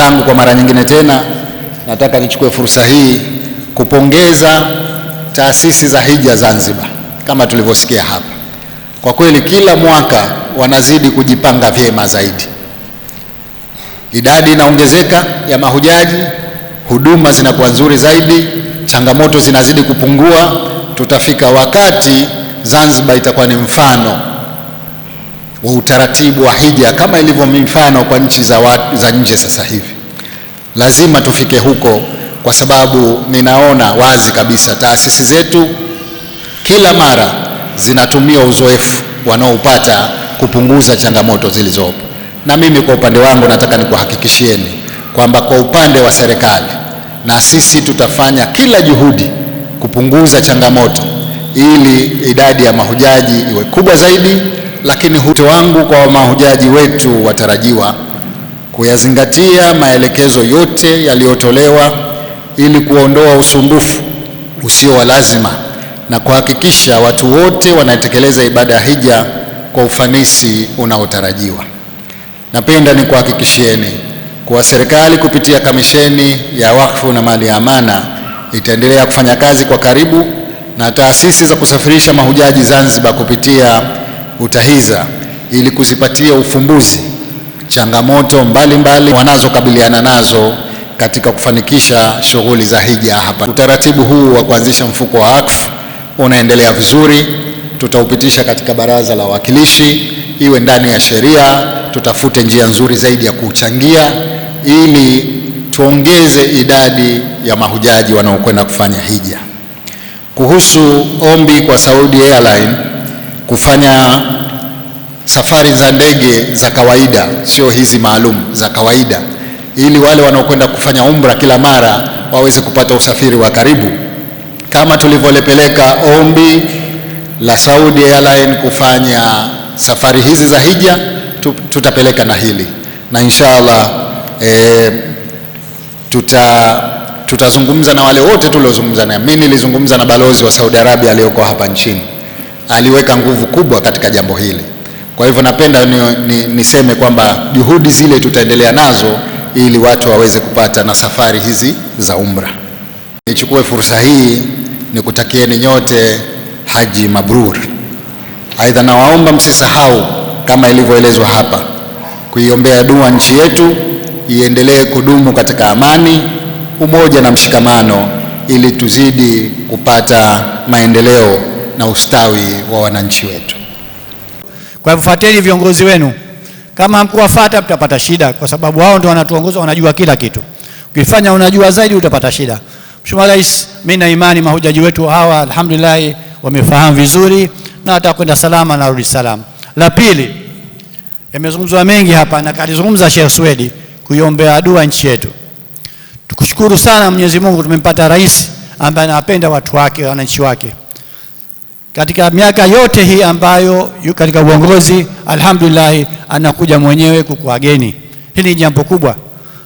zangu kwa mara nyingine tena, nataka nichukue fursa hii kupongeza taasisi za hija Zanzibar. Kama tulivyosikia hapa, kwa kweli kila mwaka wanazidi kujipanga vyema zaidi, idadi inaongezeka ya mahujaji, huduma zinakuwa nzuri zaidi, changamoto zinazidi kupungua. Tutafika wakati Zanzibar itakuwa ni mfano wa utaratibu wa hija kama ilivyo mifano kwa nchi za, wa, za nje sasa hivi. Lazima tufike huko, kwa sababu ninaona wazi kabisa taasisi zetu kila mara zinatumia uzoefu wanaopata kupunguza changamoto zilizopo. Na mimi kwa upande wangu nataka nikuhakikishieni kwamba kwa upande wa serikali na sisi tutafanya kila juhudi kupunguza changamoto ili idadi ya mahujaji iwe kubwa zaidi lakini huto wangu kwa mahujaji wetu watarajiwa kuyazingatia maelekezo yote yaliyotolewa ili kuondoa usumbufu usio wa lazima na kuhakikisha watu wote wanatekeleza ibada ya hija kwa ufanisi unaotarajiwa. Napenda nikuhakikishieni kuwa serikali kupitia kamisheni ya wakfu na mali ya amana itaendelea kufanya kazi kwa karibu na taasisi za kusafirisha mahujaji Zanzibar kupitia UTAHIZA ili kuzipatia ufumbuzi changamoto mbalimbali wanazokabiliana nazo katika kufanikisha shughuli za hija hapa. Utaratibu huu wa kuanzisha mfuko wa wakfu unaendelea vizuri, tutaupitisha katika baraza la wawakilishi, iwe ndani ya sheria, tutafute njia nzuri zaidi ya kuuchangia ili tuongeze idadi ya mahujaji wanaokwenda kufanya hija. Kuhusu ombi kwa Saudi Airline kufanya safari za ndege za kawaida, sio hizi maalum, za kawaida, ili wale wanaokwenda kufanya umra kila mara waweze kupata usafiri wa karibu, kama tulivyolepeleka ombi la Saudi Airline kufanya safari hizi za hija, tutapeleka na hili na inshallah e, tuta tutazungumza na wale wote tuliozungumza naye. Mimi nilizungumza na balozi wa Saudi Arabia aliyoko hapa nchini aliweka nguvu kubwa katika jambo hili. Kwa hivyo napenda ni, ni, niseme kwamba juhudi zile tutaendelea nazo ili watu waweze kupata na safari hizi za umra. Nichukue fursa hii nikutakieni nyote haji mabrur. Aidha, nawaomba msisahau kama ilivyoelezwa hapa kuiombea dua nchi yetu iendelee kudumu katika amani, umoja na mshikamano, ili tuzidi kupata maendeleo na ustawi wa wananchi wetu. Kwa hivyo fuateni viongozi wenu, kama hamkuwafuata mtapata shida, kwa sababu wao ndio wanatuongoza, wanajua kila kitu. Ukifanya unajua zaidi utapata shida. Mheshimiwa Rais, mimi na imani mahujaji wetu hawa alhamdulillah wamefahamu vizuri na atakwenda salama na rudi salama. La pili, yamezungumzwa mengi hapa na kalizungumza Sheikh Swedi kuiombea dua nchi yetu. Tukushukuru sana Mwenyezi Mungu tumempata rais ambaye anapenda watu wake, wananchi wake katika miaka yote hii ambayo katika uongozi alhamdulillah, anakuja mwenyewe kukuageni. Hili ni jambo kubwa,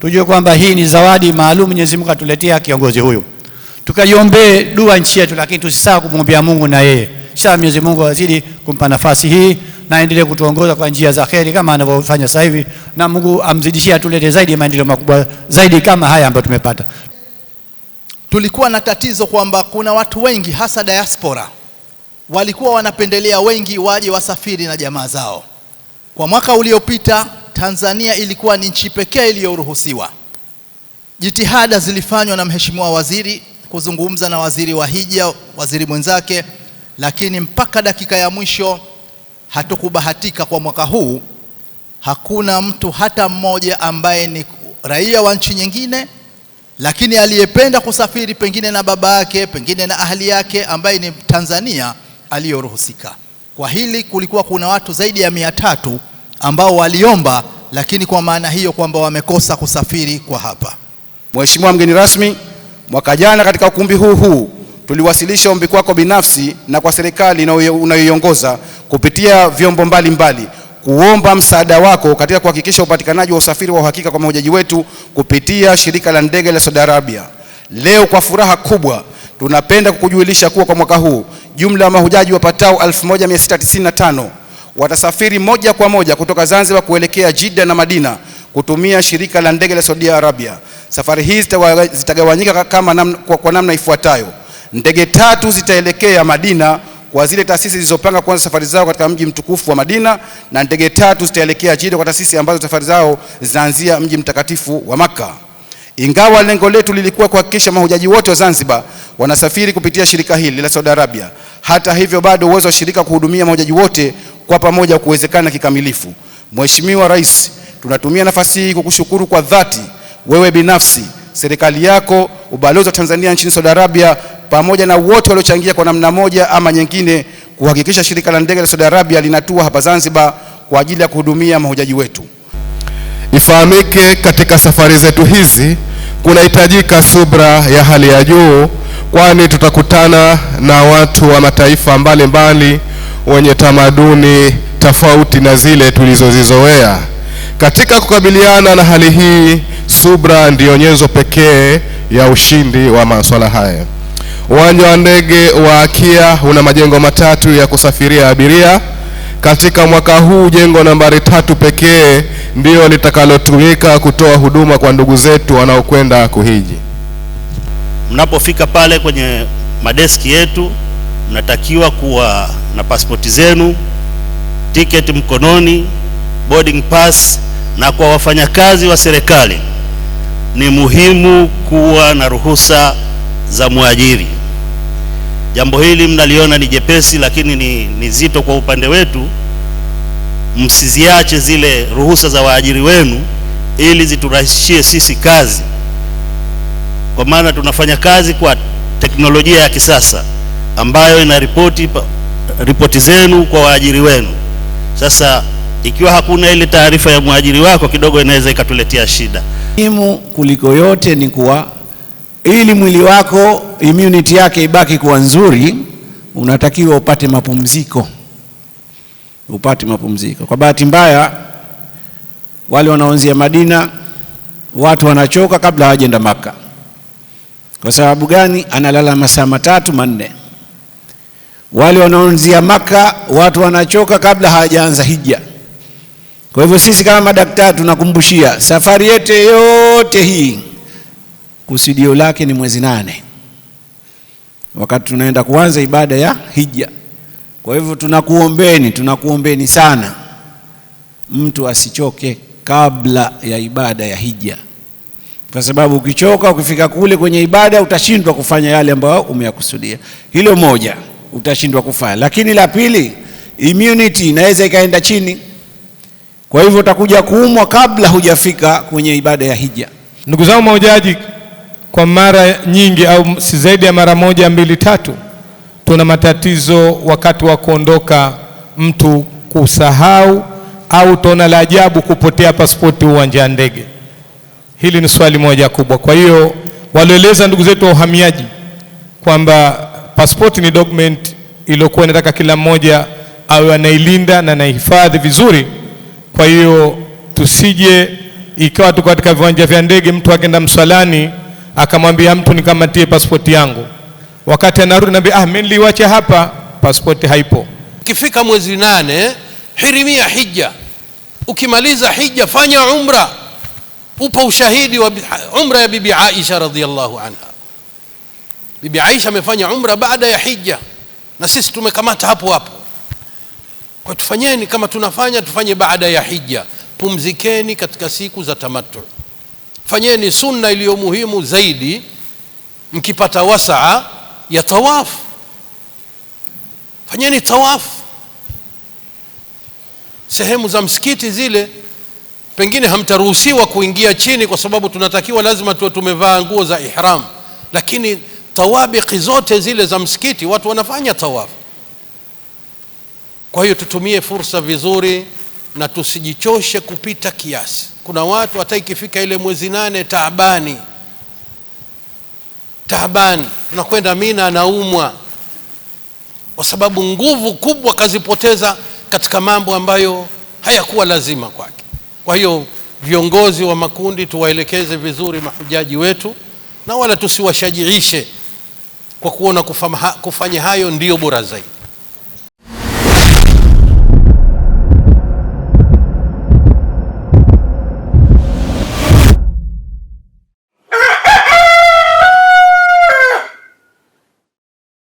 tujue kwamba hii ni zawadi maalum Mwenyezi Mungu atuletea kiongozi huyu, tukaiombee dua nchi yetu, lakini tusisahau kumwombea Mungu na yeye sha Mwenyezi Mungu azidi kumpa nafasi hii na endelee kutuongoza kwa njia za kheri kama anavyofanya sasa hivi, na Mungu amzidishie, atulete zaidi maendeleo makubwa zaidi kama haya ambayo tumepata. Tulikuwa na tatizo kwamba kuna watu wengi hasa diaspora walikuwa wanapendelea wengi waje wasafiri na jamaa zao. Kwa mwaka uliopita Tanzania ilikuwa ni nchi pekee iliyoruhusiwa. Jitihada zilifanywa na mheshimiwa waziri kuzungumza na waziri wa hija, waziri mwenzake, lakini mpaka dakika ya mwisho hatukubahatika. Kwa mwaka huu hakuna mtu hata mmoja ambaye ni raia wa nchi nyingine, lakini aliyependa kusafiri pengine na baba yake, pengine na ahali yake, ambaye ni Tanzania aliyoruhusika. Kwa hili kulikuwa kuna watu zaidi ya mia tatu ambao waliomba, lakini kwa maana hiyo kwamba wamekosa kusafiri kwa hapa. Mheshimiwa mgeni rasmi, mwaka jana katika ukumbi huu huu tuliwasilisha ombi kwako binafsi na kwa serikali unayoiongoza kupitia vyombo mbalimbali mbali kuomba msaada wako katika kuhakikisha upatikanaji wa usafiri wa uhakika kwa mahujaji wetu kupitia shirika la ndege la Saudi Arabia. Leo kwa furaha kubwa Tunapenda kukujulisha kuwa kwa mwaka huu jumla ya mahujaji wapatao 1695 watasafiri moja kwa moja kutoka Zanzibar kuelekea Jidda na Madina kutumia shirika la ndege la Saudi Arabia. Safari hizi zitagawanyika kama namna, kwa, kwa namna ifuatayo. Ndege tatu zitaelekea Madina kwa zile taasisi zilizopanga kuanza safari zao katika mji mtukufu wa Madina, na ndege tatu zitaelekea Jidda kwa taasisi ambazo safari zao zinaanzia mji mtakatifu wa Makka. Ingawa lengo letu lilikuwa kuhakikisha mahujaji wote wa Zanzibar wanasafiri kupitia shirika hili la Saudi Arabia. Hata hivyo, bado uwezo wa shirika kuhudumia mahujaji wote kwa pamoja kuwezekana kikamilifu. Mheshimiwa Rais, tunatumia nafasi hii kukushukuru kwa dhati, wewe binafsi, serikali yako, ubalozi wa Tanzania nchini Saudi Arabia, pamoja na wote waliochangia kwa namna moja ama nyingine kuhakikisha shirika la ndege la Saudi Arabia linatua hapa Zanzibar kwa ajili ya kuhudumia mahujaji wetu. Ifahamike, katika safari zetu hizi kunahitajika subra ya hali ya juu, kwani tutakutana na watu wa mataifa mbalimbali wenye tamaduni tofauti na zile tulizozizoea. Katika kukabiliana na hali hii, subra ndiyo nyenzo pekee ya ushindi wa masuala haya. Uwanja wa ndege wa Akia una majengo matatu ya kusafiria abiria katika mwaka huu jengo nambari tatu pekee ndio litakalotumika kutoa huduma kwa ndugu zetu wanaokwenda kuhiji. Mnapofika pale kwenye madeski yetu, mnatakiwa kuwa na pasipoti zenu, tiketi mkononi, boarding pass. Na kwa wafanyakazi wa serikali ni muhimu kuwa na ruhusa za mwajiri. Jambo hili mnaliona ni jepesi, lakini ni, ni zito kwa upande wetu. Msiziache zile ruhusa za waajiri wenu ili ziturahisishie sisi kazi, kwa maana tunafanya kazi kwa teknolojia ya kisasa ambayo ina ripoti ripoti zenu kwa waajiri wenu. Sasa ikiwa hakuna ile taarifa ya mwajiri wako, kidogo inaweza ikatuletea shida. Muhimu kuliko yote ni kuwa ili mwili wako immunity yake ibaki kuwa nzuri, unatakiwa upate mapumziko, upate mapumziko. Kwa bahati mbaya, wale wanaoanzia Madina watu wanachoka kabla hawajaenda Maka. Kwa sababu gani? Analala masaa matatu manne. Wale wanaoanzia Maka watu wanachoka kabla hawajaanza hija. Kwa hivyo sisi kama madaktari tunakumbushia, safari yetu yote hii kusudio lake ni mwezi nane, wakati tunaenda kuanza ibada ya hija. Kwa hivyo tunakuombeni, tunakuombeni sana, mtu asichoke kabla ya ibada ya hija, kwa sababu ukichoka, ukifika kule kwenye ibada utashindwa kufanya yale ambayo umeyakusudia. Hilo moja, utashindwa kufanya. Lakini la pili, immunity inaweza ikaenda chini, kwa hivyo utakuja kuumwa kabla hujafika kwenye ibada ya hija. Ndugu zangu mahujaji kwa mara nyingi au si zaidi ya mara moja mbili tatu, tuna matatizo wakati wa kuondoka, mtu kusahau au tona la ajabu kupotea pasipoti uwanja wa ndege. Hili ni swali moja kubwa. Kwa hiyo walioeleza ndugu zetu wa uhamiaji kwamba pasipoti ni document iliyokuwa inataka kila mmoja awe anailinda na anaihifadhi vizuri. Kwa hiyo tusije ikawa tu katika viwanja vya ndege mtu akenda msalani akamwambia mtu nikamatie pasipoti yangu. Wakati anarudi anambia, ah, mimi niliwacha hapa, pasipoti haipo. Ukifika mwezi nane hirimia hija, ukimaliza hija fanya umra. Upo ushahidi wa umra ya bibi Aisha radhiallahu anha. Bibi Aisha amefanya umra baada ya hija, na sisi tumekamata hapo hapo. Kwa tufanyeni kama tunafanya, tufanye baada ya hija. Pumzikeni katika siku za tamattu fanyeni sunna iliyo muhimu zaidi mkipata wasaa ya tawafu fanyeni tawafu sehemu za msikiti zile pengine hamtaruhusiwa kuingia chini kwa sababu tunatakiwa lazima tuwe tumevaa nguo za ihram lakini tawabiki zote zile za msikiti watu wanafanya tawafu kwa hiyo tutumie fursa vizuri na tusijichoshe kupita kiasi. Kuna watu hata ikifika ile mwezi nane taabani taabani, unakwenda Mina anaumwa, kwa sababu nguvu kubwa kazipoteza katika mambo ambayo hayakuwa lazima kwake. Kwa hiyo viongozi wa makundi tuwaelekeze vizuri mahujaji wetu, na wala tusiwashajiishe kwa kuona kufanya hayo ndiyo bora zaidi.